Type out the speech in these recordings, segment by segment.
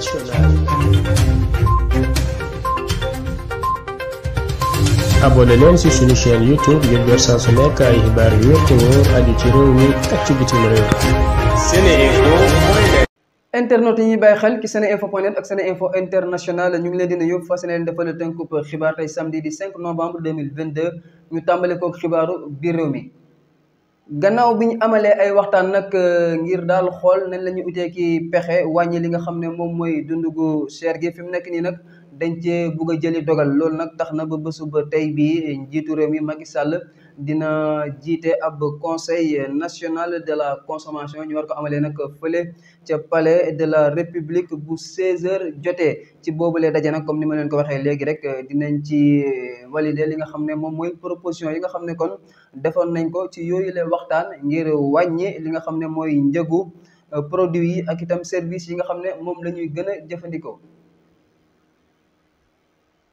internationale. abonné leen ci suñu chaîne youtube ngir jot saa su nekk xibaar yu wér te wóor ci réew mi ak ci bitim réew. seneinfo. internet yi ñuy bàyyi xel ci ñu ngi leen di nuyu fas yéene defal tënkub xibaar tey samedi di 5 novembre ñu tàmbale koog xibaaru biir réew mi. gannaaw bi ñu amalee ay waxtaan nag euh, ngir daal xool nañ la ñuy utee ki pexe wàññi li nga xam ne moom mooy dund gu cher gi fi mu nekk nii nag dañ cee bugg a jëli dogal loolu nag tax na ba bésu ba tey bii njiitu réew mi Macky Sall. dina jiite ab conseil national de la consommation ñu war ko amalee nag fële ca palais de la république bu 16h jotee ci boobulee daje nag comme ni ma leen ko waxee léegi rek dinañ ci valider li nga xam ne moom mooy proposition yi nga xam ne kon defoon nañ ko ci yooyu la waxtaan ngir wàññi li nga xam ne mooy njëgu produit yi ak itam service yi nga xam ne moom la ñuy gën a jëfandikoo.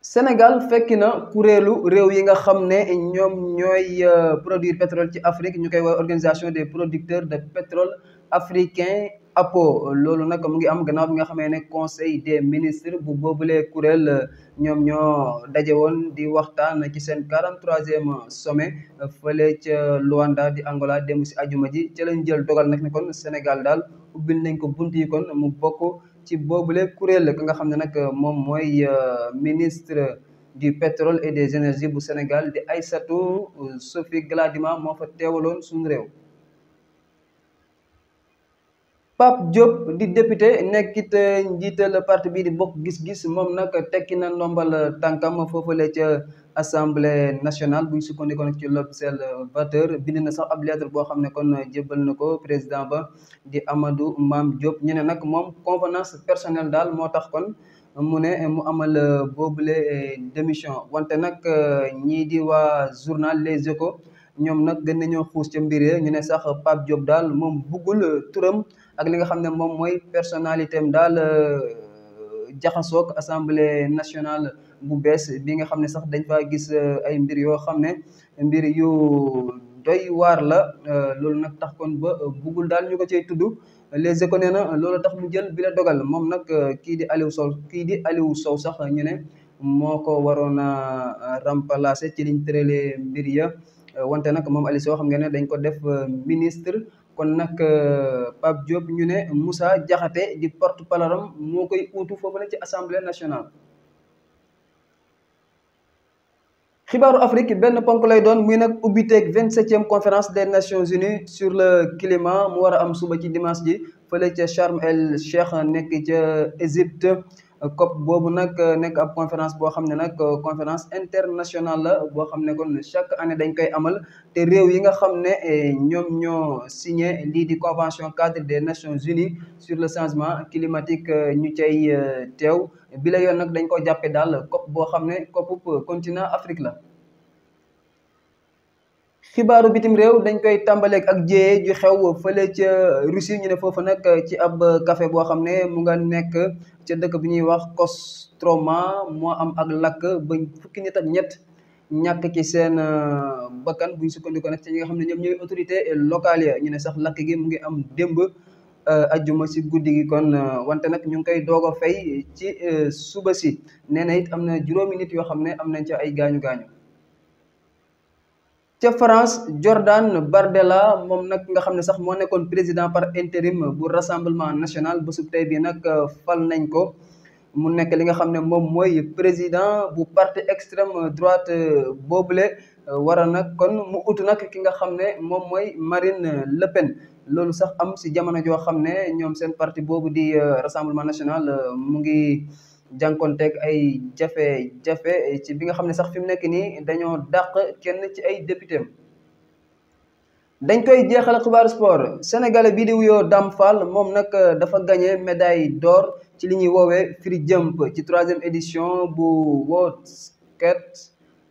Sénégal fekki na kuréelu réew yi nga xam ne ñoom ñooy euh, produire pétrole ci Afrique ñu koy woowee organisation des producteurs de pétrole africain APO loolu nag mu ngi am gannaaw bi nga xamee ne conseil des ministre bu boobulee kuréel euh, ñoom ñoo daje woon di waxtaan ci seen 43e sommet euh, fële ca Luanda di Angola dem si ajuma ji ca lañ jël dogal nag ne kon Sénégal daal ubbil nañ ko bunt yi kon mu bokk. ci boobule kuréel ki nga xam ne nag euh, moom mooy euh, ministre du pétrole et des énergies bu Sénégal di Aïssatou euh, Sophie Gladima moo fa teewaloon suñu réew. Pape Diop di député nekkit njiital parti bii di bokk gis-gis moom nag tekki na ndombal tànkam foofule ca. assemblée nationale bu ñu sukkandiku nag ci l'observateur bind na sax ab lettre boo xam ne kon jébbal na ko président ba di Amadou Mame Diop ñu ne nag moom convenance personnelle daal moo tax kon mu ne mu amal boobule eh, démission wante nag eh, ñii di waa journal Les Échos ñoom nag gën nañoo xuus ca mbir ñu ne sax Pape job daal moom buggul turam ak li nga xam ne moom mooy personnalité daal. Eh, jaxasoog assemblée nationale bu bees bi nga xam ne sax dañ fa gis euh, ay mbir yoo xam ne mbir yu doy waar la euh, loolu nag tax kon ba euh, buggul daal ñu ko cay tudd les éco na loolu tax mu jël bi la dogal moom nag kii di Aliou Sow kii di Aliou Sow sax ñu ne moo ko waroon a remplacer ci liñ tëralee mbir ya wante nag moom Aliou Sow xam nga ne dañ ko def ministre kon nag euh, Pape Diop ñu ne Moussa Diakhaté di porte-parole am moo koy uutu foofu la ci assemblée nationale. xibaaru Afrique benn ponk lay doon muy nag ubbiteeg vingt septième conférence des Nations Unies sur le climat mu war a am suba ci dimanche ji fële ca Sharm el Sheikh nekk ca Égypte. COP boobu nag euh, nekk ab conférence boo xam ne nag euh, conférence internationale la boo xam ne kon chaque année dañ koy amal te réew yi nga xam ne euh, ñoom ñoo signé lii di convention cadre des nations unies sur le changement climatique ñu cay teew bi la yoon nag dañ ko jàppe daal COP boo xam ne COP continent Afrique la xibaaru bitim réew dañ koy tàmbaleek ak jéye ju xew fële ca Russie ñu ne foofu nag ci ab kafe boo xam ne mu nga nekk ca dëkk bi ñuy wax Kostroma moo am ak lakk ba fukki nit ak ñett ñàkk ki seen euh, bakkan buñ sukkandiku nag ci ñi nga xam ne ñoom ñooy autorité locale ñu ne sax lakk gi mu ngi am démb euh, ajjuma si guddi gi kon euh, wante nag ñu ngi koy doog a fay ci suba si nee na it am na juróomi nit yoo xam ne am nañ ca ay gaañu gaañu. ca France Jordan Bardella moom nag nga xam ne sax moo nekkoon président par intérim bu rassemblement national bésub tey bii nag euh, fal nañ ko mu nekk li nga xam ne moom mooy président bu parti extrême droite euh, boobule euh, war a nag kon mu uti nag ki nga xam ne moom mooy Marine Le Pen loolu sax am si jamono joo xam ne ñoom seen parti boobu di rassemblement national mu ngi. jànkonteeg ay jafe-jafe ci bi nga xam ne sax fi mu nekk nii dañoo dàq kenn ci ay député dañ koy jeexal xibaaru sport sénégalais bii di wuyoo Dame Fall moom nag euh, dafa gagné medaay door ci li ñuy woowee free jump ci troisième édition bu World Skate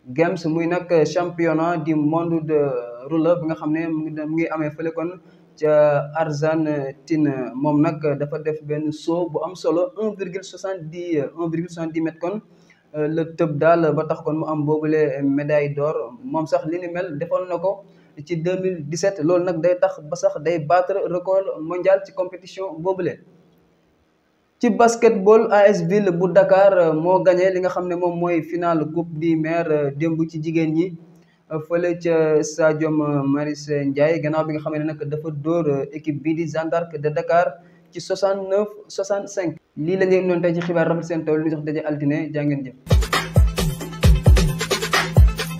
Games muy nag euh, championnat du monde de roller bi nga xam ne mu ngi amee fële ca Argentine moom nag dafa def benn saut bu am solo un virgule soixante dix un virgule kon euh, la tëb daal ba tax kon mu am boobule médaille d'or moom sax li ni mel defoon na ko ci 2017 loolu nag day tax ba sax day battre record mondial ci compétition boobule. ci basketball AS Ville bu Dakar euh, moo gagné li nga xam ne moom mooy finale coupe du maire euh, démb ci jigéen ñi. fële ca stadium Marius Ndiaye gannaaw bi nga xam ne nag dafa dóor euh, équipe bii di Jeanne d'Arc de Dakar ci soixante neuf soixante cinq lii la ñu doon tey ci xibaar rafet seen tool lu ñu jox daje altine jaa ngeen jëf